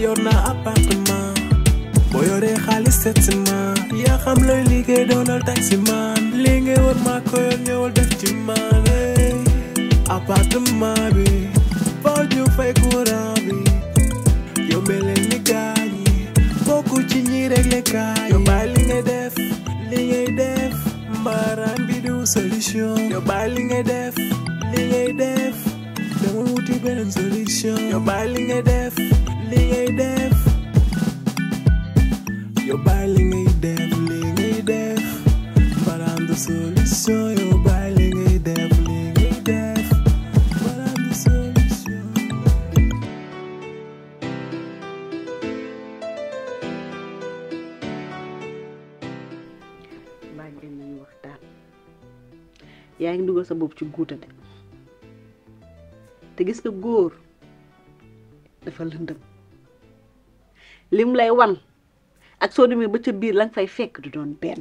yor na appartement boo yoree xaalis seet si ma yaa xam looy liggéey doonal taxi man li ngay war maa ko yor ñëwal def ci man appartement bi foo ju fay courant bi yombee leen ni gaañ yi bokku ci ñi réglé kaay Yo, yow bàyyi li ngay def li ngay def mbaaraan bi du solution yow bàyyi li ngay def li ngay def dama wuti beneen solution Yo, bàyyi li def Yang a death. You're battling a death, yaa ngi dugal sa bopp ci guuta de te gis nga góor dafa lëndëm lim lay wan ak so demé ba ca biir la nga fay fekk du don ben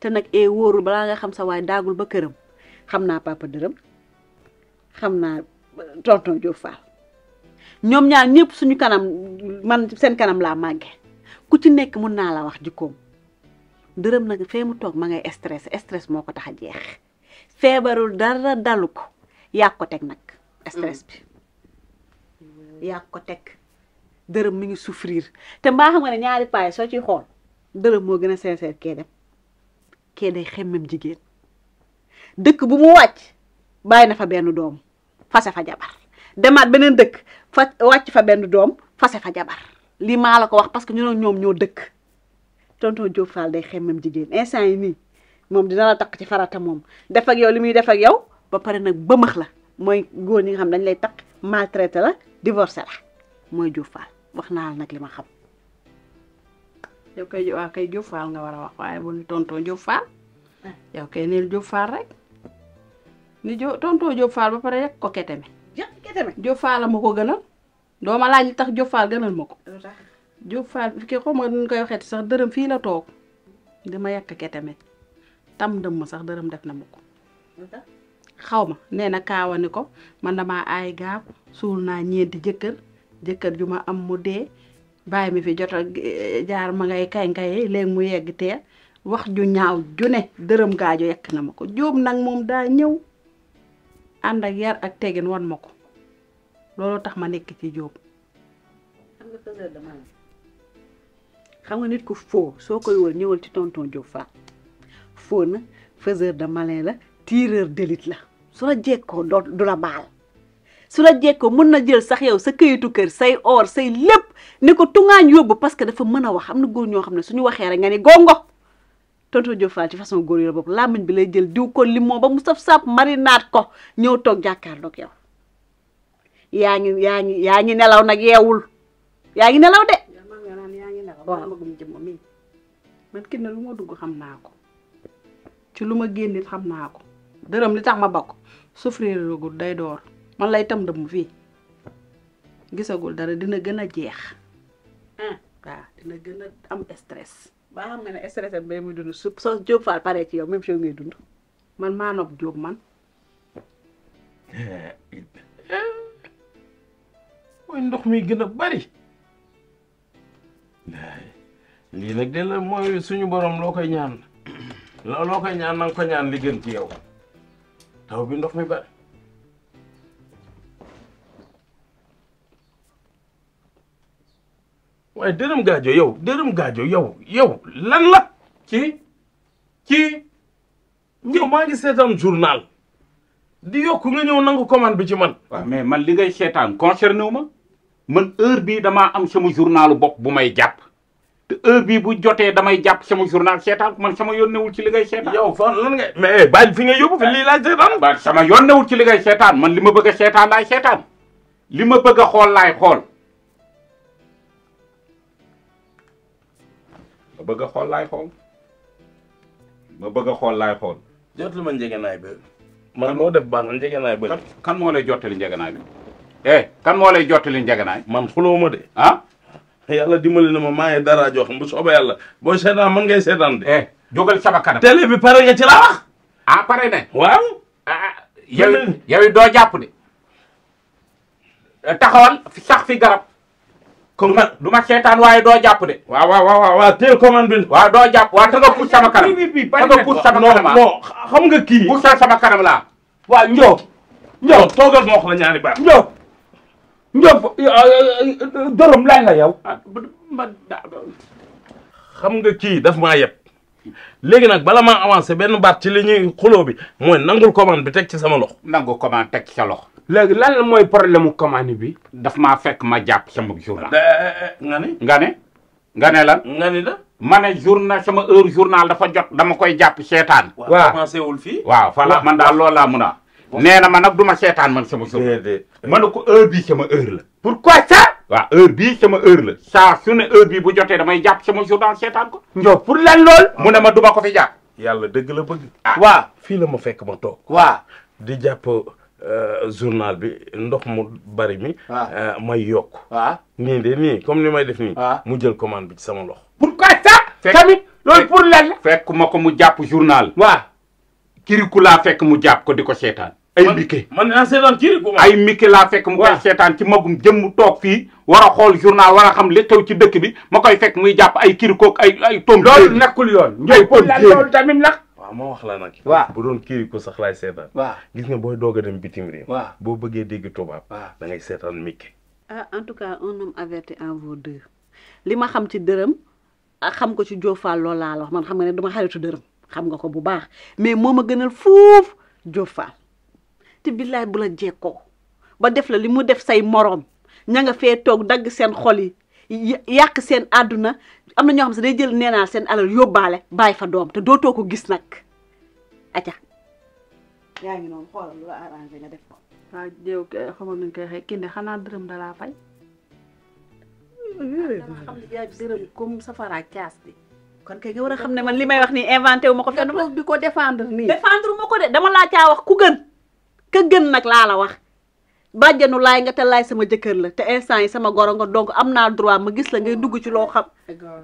té nak é e wóorul bala nga xam sa way dagul ba kërëm xamna papa deureum xamna eh, tonton Diop Fall ñaar ñepp suñu kanam man sen kanam la maggé ku ci nekk mu na la wax jikkoom deureum nak fé mu tok ma ngay stress stress moko tax jeex dara daluko yakko tek nak stress bi mm. yakko tek dërëm mi ngi souffrir te mbaa xam nga ne ñaari paay soo ciy xool dërëm moo gën a sincère kee dem kee day xemmem jigéen dëkk bu mu wàcc bàyyi na fa benn doom fase fa jabar demaat beneen dëkk fa wàcc fa benn doom fase fa jabar lii maa la ko wax parce que ñun ñoom ñoo dëkk tonton Diop Fall day xemmem jigéen instant yi nii moom dina la takk ci farata moom def ak yow li muy def ak yow ba pare nag bëmax la mooy góor ñi nga xam dañ lay takk maltraité la divorcé la mooy Diop Fall wax naa la nag li ma xam yow kay waa nga war a wax waaye bu ni tonton Diop Fall yow kay rek ni jo tonton ba pare rek ko keteme Diop Fall a ma gënal doo ma laaj tax Diop Fall gënal ma ko Diop Fall ki nu koy waxeeti sax dërëm fii la toog dama yàq keteme tam dëm ma sax dërëm def na ma ko xaw ma nee kaawa ni ko man aay gaab suul naa ñeenti jëkkër jëkkër ju ma am mu dee bàyyi mi fi jot eh, jaar ma ngay kay kay léegi mu yegg tee wax ju ñaaw ju ne dërëm gaajo yekk na ma ko jóob nag moom daa ñëw ànd ak yar ak tegin wan ma ko loolu tax ma nekk ci jóob xam nga nit ku foo soo koy wër ñëwal ci tonton Diop Fall foo na faiseur de malin la tireur d'élite la su la jekkoo du la baal su la jekkoo mën na jël sax yow sa këyitu kër say or say lépp ni ko tungaañ yóbbu parce que dafa mën a wax am na góor ñoo xam ne suñu waxee rek nga ne gongo tonton Diop Fall ci façon góor yi la bokk làmmiñ bi lay jël diw ko li moo ba mu saf-saf marinaat ko ñëw toog jàkkaarloog yow yaa ngi yaa ngi yaa ngi nelaw nag yeewul yaa ngi nelaw de man kenn lu ma dugg xam naa ko ci lu ma génn xam naa ko dërëm li tax ma bokk souffrir day door man lay tam dëmm fii gisagul dara dina gën a jeex. Hmm. waaw dina gën a am stress. ba xam nga ne stress am muy dund su soo Diop Fall paree ci yow même chose ngay dund man maa nopp Diop man. Eh, mooy ndox mi gën a bari. lii nag de la mooy suñu boroom loo koy ñaan loo koy ñaan na ko ñaan li gën ci yow taw bi ndox mi bari. waaye dërëm gaajo yow dërëm gaajo yow yow lan la ci ci ñëw maa ngi seetaan journal di yokk nga ñëw nangu commande bi ci man waaw mais man li ngay seetaan concerné wu ma man heure bii damaa am sama journalu bopp bu may jàpp te heure bii bu jotee damay jàpp sama journal seetaan man sama yónnewul ci li ngay seetaan yow fan lan nga ga bàyyi fi nga yóbbu fi lii laay ba sama yónnewul ci li ngay seetaan man li ma bëgg a seetaan laay seetaan li ma bëgg a xool laay xool nga bëgg a xool laay xool ma bëgg a xool laay xool. jot lu ma njëgënaay ba. man moo def baax na njëgënaay ba. Kan, kan moo lay jottali njëgënaay bi. eh kan moo lay jottali njëgënaay. man xuloo de. ah. yàlla dimbali na ma maa ngi dara jox bu soobee yàlla boo seetaan man ngay seetaan de. eh jógal sama kanam. télé bi pare nga ci laa wax. ah pare ne. waaw. ah, ah yow yow doo jàpp de. Eh, taxawal sax fi garab. comme du ma seetaan waaye doo jàpp de. waa waaw waaw teel commande bi. waaw doo jàpp waaw te nga sama kanam. te nga puus sama kanam ah non xam nga kii. puusal sama kanam laa. waaw Ndiop. Ndiop ñaari baat. Ndiop. Ndiop euh, euh, dërëm yow. Ah, xam nga kii daf maa yeb léegi nag bala maa avancé benn baat ci li ñuy xuloo bi mooy nangul commande bi teg ci sama lox nangu commande teg ci sa lox léegi lan la mooy problème mu commande bi. daf maa fekk ma jàpp sama journal. Eh, eh, eh, nga ne. nga ne nga ne lan. nga la. ma ne journal sama heure journal dafa jot dama koy jàpp seetaan. waaw commencé wul fii. waaw voilà man daal lool laa mun a. nee na ma nag du ma seetaan man sama journal. ma ne ko heure bii sama heure la. pourquoi ça. waaw heure bii sama heure la. saa su ne bii bu jotee damay jàpp sama journal seetaan ko. Ndiol pour lan lool. mu ne ma du ko fi jàpp. yàlla dëgg la bëgg. ah waaw fii la ma fekk ma toog. waaw di jàpp. Euh, journal bi ndox mu bari mi. Ah. Euh, may yokk. waaw ah. nii de nii comme ni may def nii. Ah. mu jël commande bi ci sama loxo. pourquoi ça. fekk tamit loolu pour lan fekk ma ko mu jàpp journal. waa kiriku laa fekk mu jàpp ko di ko seetaan. ay mike man man seetaan kiriku ma. ay mike laa fekk mu koy seetaan ci magum jëmm toog fii. war a xool journal wara xam li xew ci dëkk bi ma koy fekk muy jàpp ay kirikook ay ay. tom loolu nekkul yoon. ñooy loolu tamit nag. ma wax la nag. waaw bu doon kii ko sax laay seetaan. waaw gis nga booy doog a dem bitim réew. waaw boo bëggee dégg tubaab. waaw da ngay seetaan Mickey. ah en tout cas un homme averti en vaut deux li ma xam ci dërëm a ah, xam ko ci Diofane loolu laa la man xam nga ne dama xaritu dërëm xam nga ko bu baax mais moo ma gënal fuuf Diofane te billaay bu la jekkoo ba def la li mu def say moroom ña nga fee toog dagg seen xol yi. yàq seen àdduna am na ñoo xam ne day jël neenaal seen alal yóbbaale bàyyi fa doom te dootoo ko gis nag aca yaa ngi noonu xoolal def ko waaw yow koy xëy kinde xanaa dërëm dalaa fay dama xam ne jaay dërëm bi kon kay nga war a xam ne man li may wax nii inventé wu ma ko fenn di ko défendre nii défendre ma dama laa caa wax ku gën ka gën nag laa la wax bàjjanu laay nga te laay sama jëkkër la te instant yi sama goro nga donc am naa droit ma gis la ngay dugg ci loo xam goro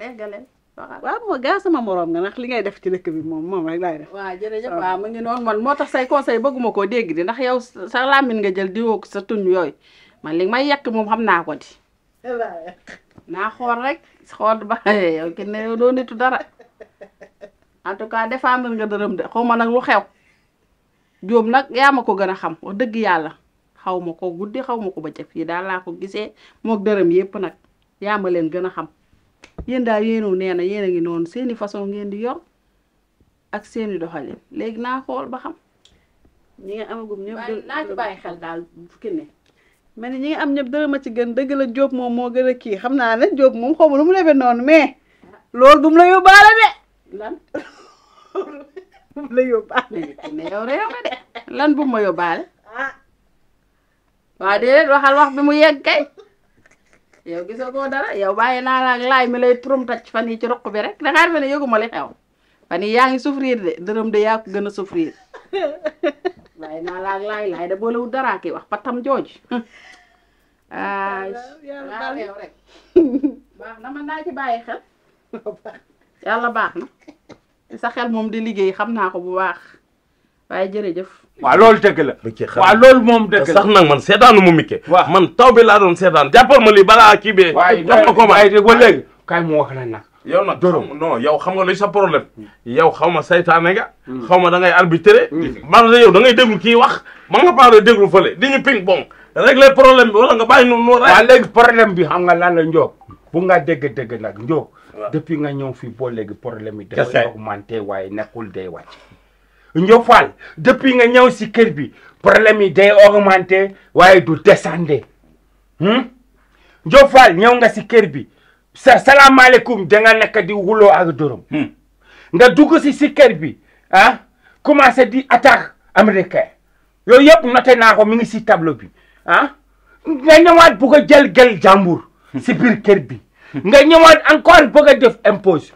nga waaw waaw moo gaa sama moroom nga ndax li ngay def ci dëkk bi moom moom rek laay def waaw jërëjëf waaw mu ngi man moo tax say say bëgguma koo dégg di ndax yow sa làmmiñ nga jël di woo sa tuñ yooyu man li may yekk moom xam naa ko di naa xool rek xool ba yow ki ne yow doo nitu dara en tout defaa défendre nga dërëm de xaw ma nag lu xew jóom nag yaa ma ko gën a xam wax dëgg yàlla xawuma ko guddi xaw ma ko bëccëg fii daal laa ko gisee moog dërëm yépp nag yaa leen gën a xam yéen daal yéenu nee na yéen a ngi noonu seeni façon ngeen di yor ak seeni doxalin léegi naa xool ba xam ñi nga amagum ñëpp bàyyi xel daal fukki ne ma ne ñi nga am ñëpp dërëm a ci gën dëgg a Jóob moom moo gën a kii xam naa ne Jóob moom xaw ma mu demee noonu mais loolu bu mu la yóbbaale de lan bu la yóbbaale ne lan bu mu ma yóbbaale ah. waa déedéet waxal wax bi mu yegg kay yow gisagoo dara yow bàyyi naa la ak laay mi lay turum taj fan yi ci roq bi rek da ngaa defe ne yëguma li xew fan yi yaa ngi souffrir de dërëm de yaa ko gën a souffrir bàyyi naa la laay laay da boolewul daraa ki wax pattam jooju. ay yow baax na man naa ci bàyyi xel yàlla baax na sa xel moom di liggéey xam naa ko bu baax. waaye jërëjëf. waaw loolu dëgg la. waaw loolu moom dëgg la sax nag man seddaan mu mi waaw man taw bi laa doon seetaan jàppal ma lii balaa kii bee. waay waay waay de ba léegi. kaay mu wax la nag. yow xam nga luy sa problème hmm. yow xaw ma saytaane nga. Hmm. xaw ma da ngay arbitré. Hmm. maanaam yow da ngay déglu ki wax ma nga paa doon déglu fële di ñu ping pong régler problème bi wala nga bàyyi noonu noonu. waaw léegi problème bi xam nga lan la njóog bu nga dégg dégg nag njóog. depuis nga ñëw fii boo léegi problème bi. dafa augmenté waaye nekkul day ñofal depuis nga ñëw si kër bi problème yi day augmenter waye du descendre ñofal hmm? ñëw nga si kër bi sa alaykum da nga nekk di wulo ak hmm nga dugg si si kër bi ah commencé di attaque américain yoy yep noté naa ko mi ngi si tableau bi ah nga ñewat bu ko jël gel jamur, hmm. si bir kër bi nga ñewat encore bëgg def impose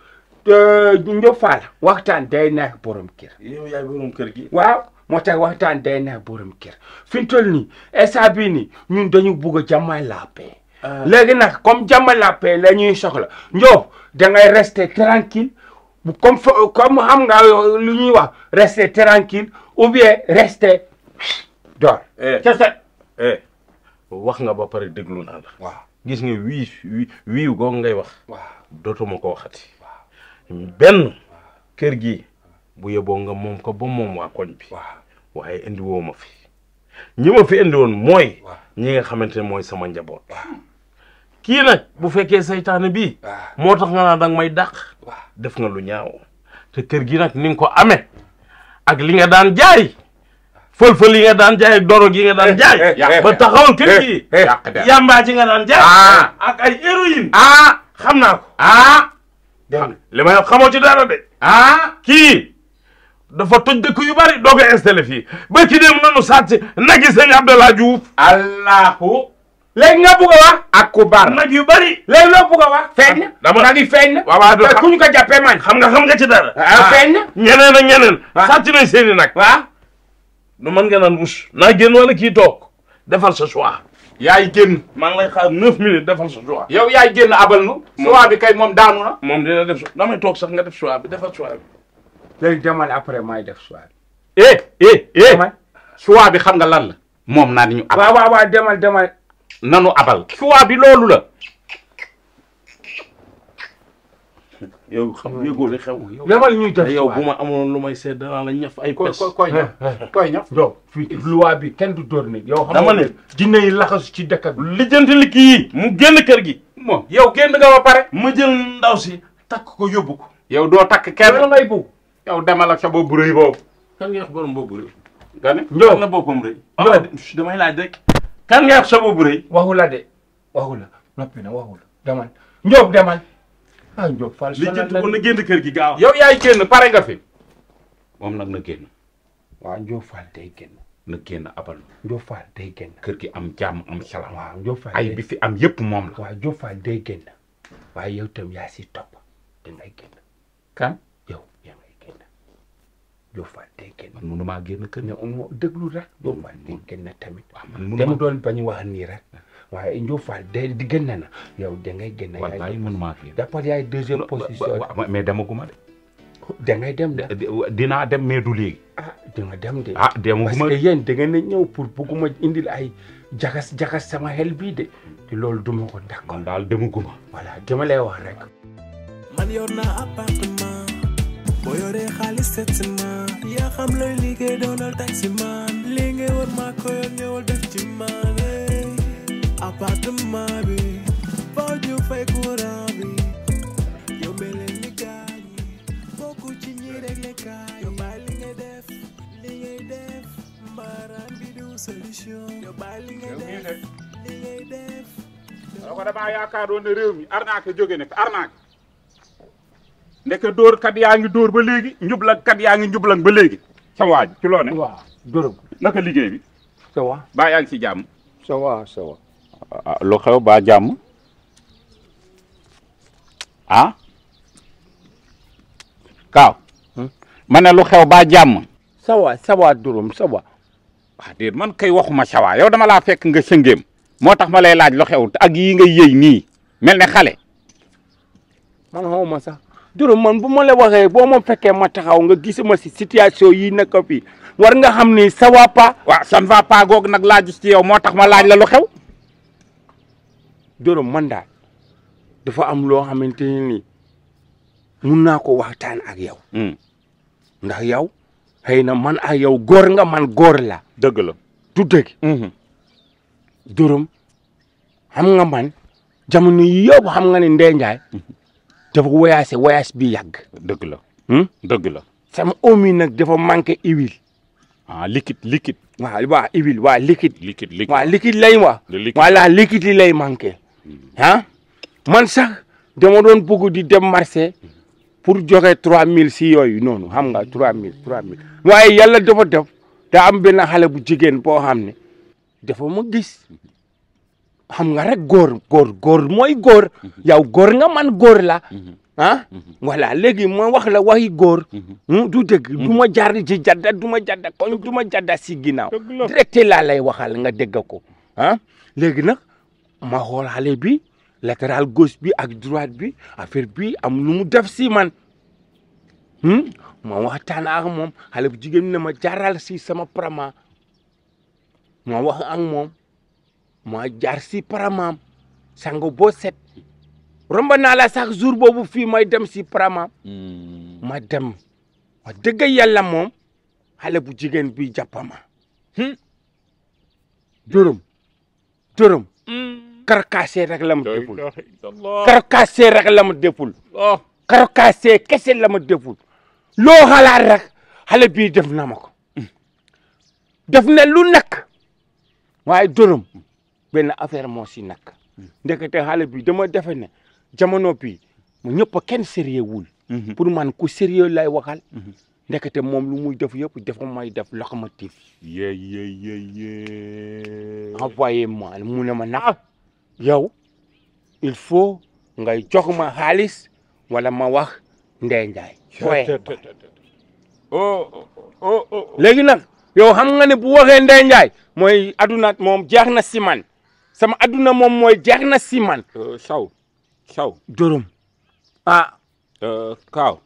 Euh, njëfaal waxtaan day neex borom kër. yow yaay borom kër gi. waaw moo tax waxtaan day neex borom kër fi mu toll nii instant bii nii ñun dañu bugg a jàmm la paix. Ah. léegi nag comme jàmm la paix la ñuy soxla Ndiob da ngay rester tranquille comme comme xam nga lu ñuy wax rester tranquille ou bien rester door. Eh. c'est eh. wax nga ba pare déglu naa la. waaw gis nga wii wii wii goog ngay wax. waaw dootuma ko waxati. benn kër gi bu yeboo nga moom ko ba moom waa koñ bi waaye indi woo ma fi ñi ma fi indi woon mooy ñi nga xamante ne mooy sama njaboot kii nag bu fekkee seytaane bi moo tax nga naa danga may dàq def nga lu ñaaw te kër gi nag ni nga ko amee ak li nga daan jaay fël-fël yi nga daan jaay dorog yi nga daan jaay ba taxawal kër gi yàmbaa ci nga ah. ak ay héroïne ah xam naa ko ah. li may xamoo ci dara de. ah kii dafa toj dëkk yu bari doog a installé fii ba ci dem nanu sàcc nag yi sëñ Abdallah Diouf. allahu. léegi nga bugg a ak ku bar nag yu bari. léegi loo bugg a wax. Ah, dama nag yi feeñ na. waaw waaw te ku ñu ko jàppee man. xam nga xam nga ci dara. ah, ah ñeneen ak ñeneen. Ah. sàcc nañ seen i nag. waaw. nu mën nga naan wus. naa génn wala kii toog defal sa choix. yaay génn. maa ngi lay xaar neuf minutes defal sa choix. yow yaay génn abal nu. choix bi kay moom daanu na. moom dina def damay toog sax nga def su bi defal choix bi. léegi demal après maay def choix bi. eh eh eh. bi xam nga lan la. moom naa ni ñu abal waaw waaw waaw demal demal. nanu abal. choix bi loolu la. yow xam yëgoo li xew. demal ñuy def yow bu ma amoon lu may seet danaa la ñaf ay. pes koy ñaf koy eh, eh. ñaf. donc fii loi bi kenn du dóor nit. yow xam dama ne jinne yi laxasu ci dëkk bi. lijjanti li kii mu génn kër gi. moom yow génn nga ba pare. ma jël ndaw si takk ko yóbbu ko. yow doo takk kenn yow lay bu. yow demal ak sa boobu rëy boobu. kan nga wax borom boobu rëy. nga ne ñëw ah, kan la waxu la de waxu la demal ah Ndiop Fall li jënd ko na génn kër gi gaaw. yow yaay génn pare fi. moom nag na génn. waaw Ndiop Fall day génn. abal. Ndiop Fall day kër gi am jàmm am salaam. waaw Ndiop Fall ay bi fi am yépp moom la. waaw Ndiop Fall day génn. waaye yow tam yaa si topp dangay génn. kan yow yaa ngay génn. Ndiop Fall day génn. man mënumaa génn kër ne déglu rek. Ndiop Fall day génn tamit. waaw man mënumaa dem doon bañ wax nii rek. waaye Ndiofane day diggan na na ya, yow da ngay génn. Ya, wallaay mun maa kii dafa yaay deuxième position. mais demaguma de. da ngay dem de. dem mais du ah dina dem de. ah demaguma parce que yéen da ngeen a ñëw pour indil ay jagas jagas sama xel bii de loolu duma ko d'accord. man daal demaguma. voilà dama lay wax rek. man yor naa appartement boo yoree xaalis seet ya ma yaa xam looy liggéey doonal taxi man li ko yor def ci man. appartement bi faw ñu fay courant bi yow mel ni gaañ yi ci ñi réglé kaay yow bàyyi li ngay def li ngay def mbaaraan bi du solution yow bàyyi li ngay def li ngay def doo ko damaa yaakaaroon ne réew mi arnaque jóge nekk arnaque ndeke dóor kat yaa ngi dóor ba léegi njublag kat yaa ngi njublag ba léegi sama waaj ci loo ne waaw dërëm bi ça yaa ngi ci jàmm lu xew ba jàmm ah kaaw hmm? ma ne lu xew ba jàmm sawa sawa durum sawa ah déet man kay ma sawa yow dama laa fekk nga sëngeem moo tax ma lay laaj lu xew ak yii nga yëy nii mel ne xale man ma sax durum man bu ma la waxee boo ma fekkee ma taxaw nga gisuma si situation yi nekk fii war nga xam ni ça va pas waaw ça ne goog nag laa gis ci yow moo tax ma laaj la lu xew Doro man daal dafa am loo xamante ne nii mun naa ko waxtaan ak yow. Hmm. ndax yow xëy na man ak yow góor nga man góor la. dëgg la du dëgg. Doro hmm. xam nga man jamono yi yëpp xam nga ni Ndeye Ndiaye hmm. dafa voyagé voyage bi yàgg. dëgg la. dëgg la. sama oom yi nag dafa manqué huile. ah liquide liquide. waaw waaw huile waaw liquide. liquide lay wax. liquide voilà liquide li lay manqué. ah man sax dama doon bëgg di dem marché pour joxe 3000 si yooyu noonu xam nga 3000 3000 waaye yàlla dafa def daa am benn xale bu jigéen boo xam ne dafa ma gis xam nga rek góor góor góor mooy góor yow góor nga man góor la ah voilà léegi ma wax la waxi góor hmm, du dëgg du ma jaar ci jadda du ma jadda koñ du ma jadda si ginnaaw directe laa lay waxal nga dégg ko ah léegi nag ma xol xale bi lateral gauche bi ak droite bi affaire bi am lu mu def si man hmm? ma waxtaan ak mom xale bu jigen ne ma jaral si sama prama, ma wax ak mom ma jar si prama, sango bo set romba na la chaque jour bobu fi may dem si prama, hmm. ma dem wa deug yalla mom xale bu jigen bi hmm durum karkaase rek la ma deful karkaase ah. rek la ma deful karkaase kese la ma deful loo xalaat rek xale bii def na ma ko def na lu nekk waaye dërëm benn affaire moo si nekk ndekete xale bi dama defe ne jamono bii mu ñëpp a kenn wul mhm. pour man ku sérieux lay waxal mhm. ndekete moom lu muy def yëpp dafa may def locomotive yee yee yee yee envoyé ma mu ne ma nag ah. yow il faut ngay jox ma xaalis wala ma wax Ndeye Ndiaye. oh oh oh. oh, oh. nag yow xam nga ne bu waxee Ndeye Ndiaye mooy aduna moom jeex na si man sama aduna moom mooy jeex na si man. Euh, saw saw Jorom ah. Euh, kaw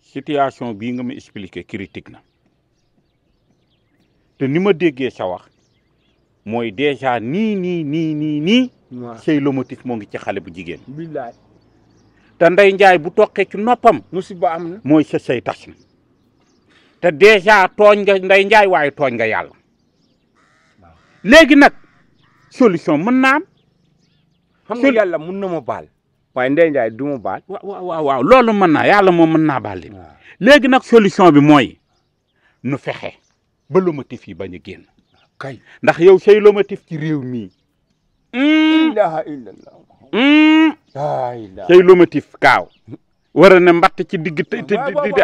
situation bii nga ma expliqué critique na te ni ma déggee sa wax. mooy déjà nii nii nii nii nii. sëy lomotif moo ngi ci xale bu jigéen. billaay te Ndey Njaay bu toqee ci noppam. musiba am na mooy sa sëy tas na. te déjà tooñ nga Ndey Njaay waaye tooñ nga yàlla. léegi nag solution mën naa am. xam nga yàlla mën na ma baal. waaye Ndeye Ndiaye du ma baal. mën naa yàlla moom mën naa baal léegi nag solution bi mooy nu fexe ba lomotif yi bañ a génn. kay ndax yow say lomotif ci réew mii. ilaha illallah. say lomotif kaaw. war ne mbatt ci digg te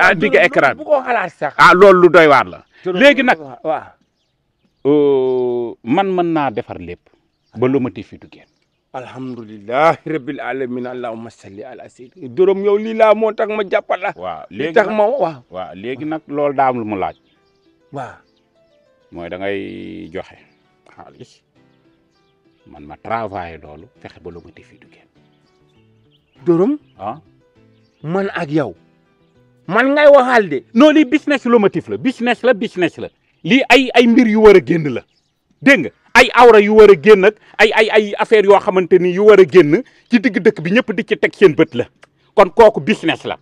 ah, digg écran bi bu ah, lu doy waar la. léegi nag waaw. Oh, man mën naa defar lépp ba lomotif yi du génn. alhamdulilah rabbil alamin allahumma salli ala sayyidina dërëm yow lii laa moo tax ma jàppal la. ma waaw. waaw léegi nag loolu daa lu mu laaj. mooy da ngay joxe xaalis man ma travailler doolu fexe ba lu ma te fii du génn dërëm ah man ak yow man ngay waxaal de non lii business lomotif la business la business la lii ay ay mbir yu war a génn la dégg nga ay awra yu war a génn ak ay ay ay affaire yoo xamante ni yu war a génn ci digg dëkk bi ñëpp di ci teg seen bët la kon kooku business la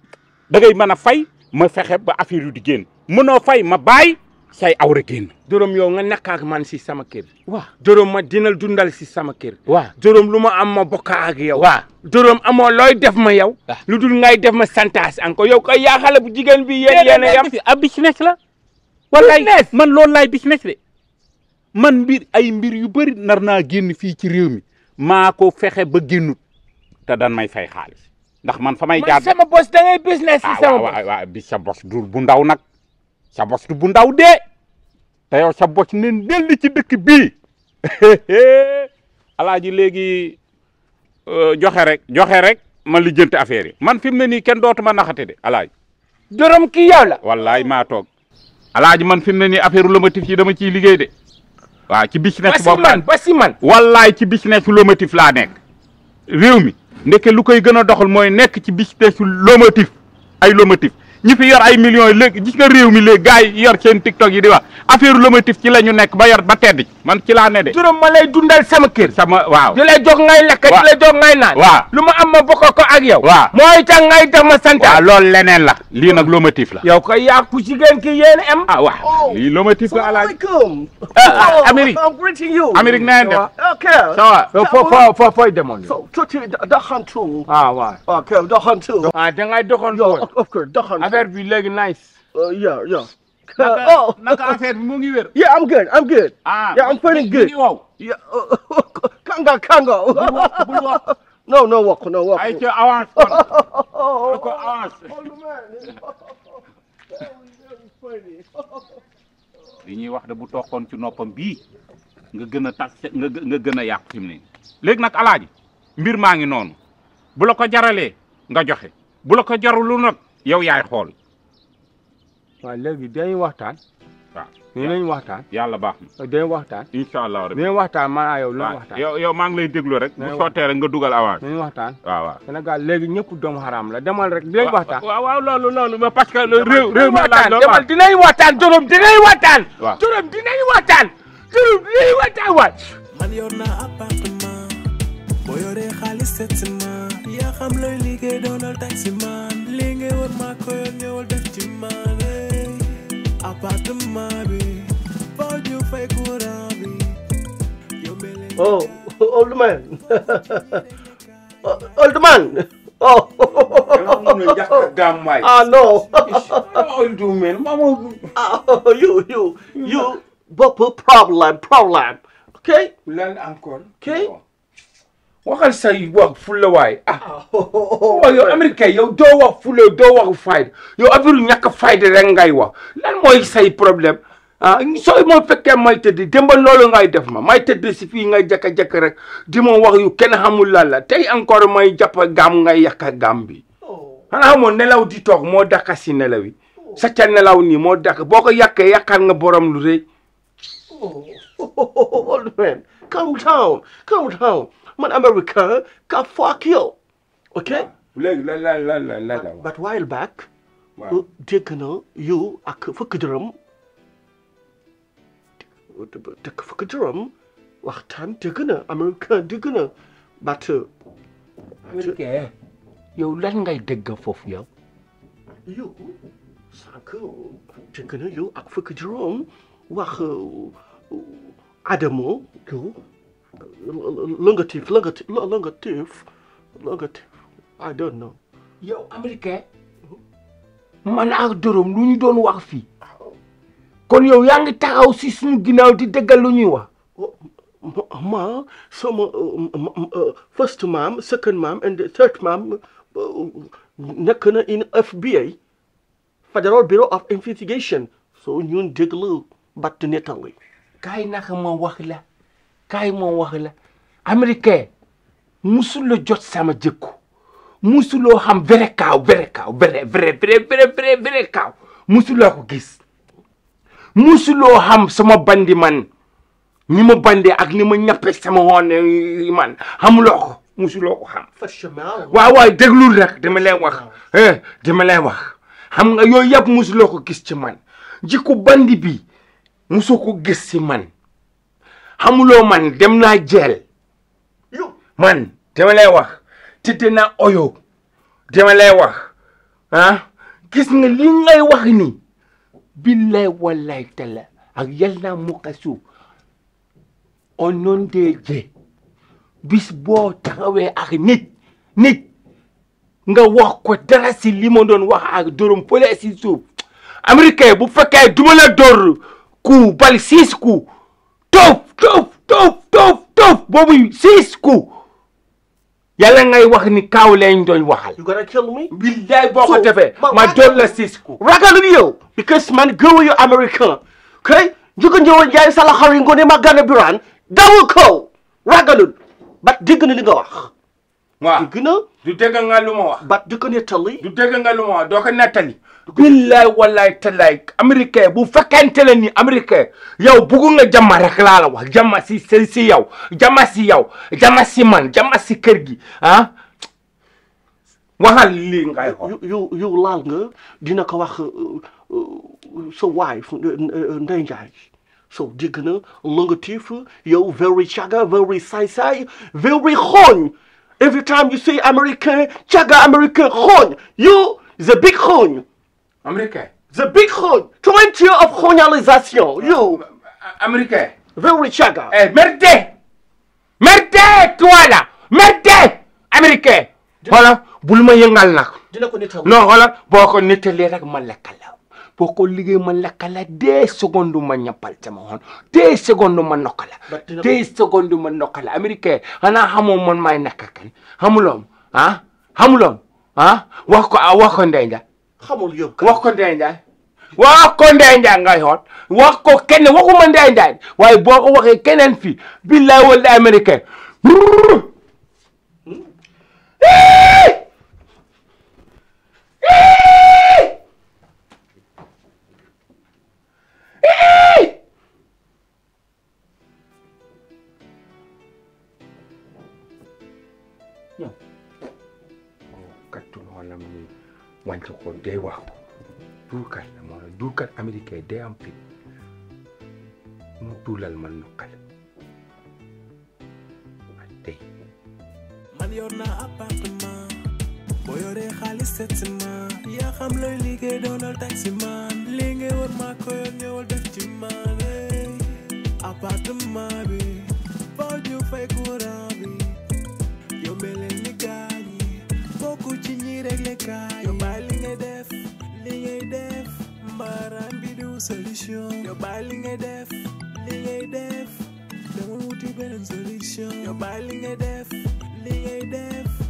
da ngay mën a fay ma fexe ba affaire yu di génn mënoo fay ma bàyyi say awra génn dorom yow nga nekk ak man si sama kër wa dorom ma dinal dundal si sama kër wa dorom luma am ma bokka ak yow wa dorom amo loy def ma yow ah. ludul ngay def ma santas encore yow ko ya xala bu jigen bi yéen yéen yam business la wallay man lo lay business de man mbir ay mbir yu gin narna naa fi ci rew mi mako fexé ba génnut ta dan may fay xaliss ndax man fa jaar sama bos da ngay business ci ah, sama boss wa wa bi sa boss dur bu ndaw nak sa bos du bu ndaw de te yow sa bos ne delli ci dëkk bii alaaji léegi euh, joxe rek joxe rek man li jënte affaire yi man fi mu ne nii kenn dootuma naxate de alaaji dorom kii yow la wallaay maa toog alaaji man fi mu ne nii affaire lomotif yi dama ciy liggéey de waa ci business boobu man ba si man wallaay ci business lomotif laa nekk réew mi ndeke lu koy gën a doxal mooy nekk ci business lomotif ay lomotif ñi fi yor ay millions yi léegi gis nga réew mi léegi gars yi yor seen tiktok yi di wax affaire lomotif ci la ñu nekk ba yor ba tedd man ci laa ne de. juróom ma lay dundal sama sama waaw di lay jox ngay lekk. di lay jox ngay naan. waaw lu ma am ma bokk ko ak yow. waaw mooy tax ngay def ma sant. waaw loolu leneen la lii nag lomotif la. yow koy yaa ku jigéen ki yéen am. ah waaw lii lomotif la alaaj. Amérique Amérique na ngeen def. ok ça va foo foo fooy demoon. da affaire bi léegi nice. Oh, oh. mu ngi no no ñuy wax de bu toqoon ci noppam bii nga gën a tas nga nga gën a yàqu fi mu ne léegi mbir maa ngi noonu bu la ko jaralee nga joxe bu la jarul lu nag. yow yaay xool. waaw léegi dañuy waxtaan. waaw ñu nañ waxtaan. yàlla baax na dañuy waxtaan. incha allah rabi dañuy waxtaan maanaam yow. waaw yow yow maa ngi lay déglu rek. bu sottee rek nga dugal awaar. dañuy waxtaan waaw waaw. Sénégal léegi ñëpp doomu xaraam la demal rek dinañ waxtaan. waaw waaw loolu loolu mais parce que. réew réew mi laaj loolu waaw dinañ waxtaan juróom dinañ waxtaan. waaw juróom dinañ waxtaan. juróom dinañ waxtaan waay. man yor naa appartement boo yoree xaalis sept ciment yaa xam looy liggéey doonal taximan li ngay war maa ko yor ñëwal def ci maane appartement bi foo ju fay courant bi oh old man oh, old man oh ah no old man mama you ah, you you bopp problem problem okay lan encore okay waxal say wax fulla waay ah, ah waaw yow américain yow doo wax fulla doo wax fayda yow affaire ñàkk fayda rek ngay wax lan mooy say problème ah sooy moo fekkee may tëdd démba loolu ngay def ma may tëdd si fii ngay jekk-jekk rek di moo wax yu kenn xamul lan la tey encore may jàpp gaam ngay yàq gam bi oh. xanaa xamoon nelaw di toog moo dàqa si nelaw yi oh. sacca nelaw nii moo dàq boo ko yàqee yàqal nga borom lu rëy oh. calm down calm down man America ka fuck you, ok léegi lan lan lan lan lan la but while back dégg na yow ak fukki dërëm takk fukki dërëm waxtaan dégg na America dégg na but uh, America yow lan ngay dégg for you. You? sànq dégg uh, na yow ak fukki dërëm wax uh, Adamo You. longatif longatif longatif I don't know. yow américain man ak dërëm lu ñu doon wax fii kon yow yaa ngi taxaw si suñu ginnaaw di dëggal lu ñuy wax. Oh, ma sama first maam second maam and third maam nekk na in FBI Federal Bureau of Investigation. soo ñun déglu batt nettali. kaay naka ma wax kaay moom wax la américain musul la jot sama jëkku musuloo xam vrai kaaw vrai kaaw vrai vrai vrai vrai vrai kaaw musuloo ko gis musuloo xam sama bandi man ni ma ak ni ma ñappe sama woon man xamuloo ko musuloo ko waa waaw waaw déglul rek dama lee wax eh, dama lay wax xam nga yooyu yëpp musuloo ko gis ci man jikko bandi bi musu ko gis ci man xamuloo man dem na jeel man dama lay wax tëdd naa oyo dama lay ah, gis nga li ngay wax ni billaay wallaay tala ak yal naa mukasu au nom de Dieu bis boo taxawee ak nit nit nga wax ko dara si li ma doon wax ak dóorum fële si suuf américain bu fekkee duma la ku bal siis ku toof Tof, tof, tof, tof. bobu six coups yàlla ngay wax ni kaw lañ doon waxal. you gonna kill me. billaay boo ko defee ma doon la six coups. ragalul yow. because man go you American, okay? njëkk a ñëwoon jaay sala xawi ngone ma gane buran dawul ko ragalul bat dégg na li nga wax. wa dégg na. du dégg nga luma wax. bat du ko netali du dégg nga luma wax do ko netali billaay wallaay tallaay américain bu fekkente ne ni américain yow bugg nga jàmma rek laa si si si yow jàmma si yow jàmma si man jàmma si kër gi ah waxal lii ngay xool yow nga dina ko wax euh, sa waay euh, euh, Ndeye Ndiaye so dégg na longatif yow very caga very saay-saay very xooñ every time you say américain caga américain xooñ you the big xooñ Américain. The big hole. 20 years of colonialization. bul ma yëngal nag. dina ko nettali non voilà boo ko nettalee rek ma lekka la ko liggéey ma lekka la ma ñappal sama woon deux secondes ma nokka la. deux secondes ma nokka la américain xanaa xamoo man may nekk kan xamuloom ah xamuloom ah wax ko ah wax xamul yow. wax ko Ndeye Ndiaye wax ngay xool wax ko kenn waxuma Ndeye waaye boo waxee keneen fii billaay wala américain. wàññi ko day wax ko duurkat la moom la duurkat américain e day am fit man ñu xale waaye tey. man yor naa boo yoree xaalis settima yaa xam looy liggéey doonal taxi man lii ngay war ko yor ñëwal def ci man appartement bi ju fay courant bi yóbbee leen You're réglé kaay deaf, ling, li ngay def li ngay def mbaaraam bi solution You're bailing a deaf, ling, a deaf. solution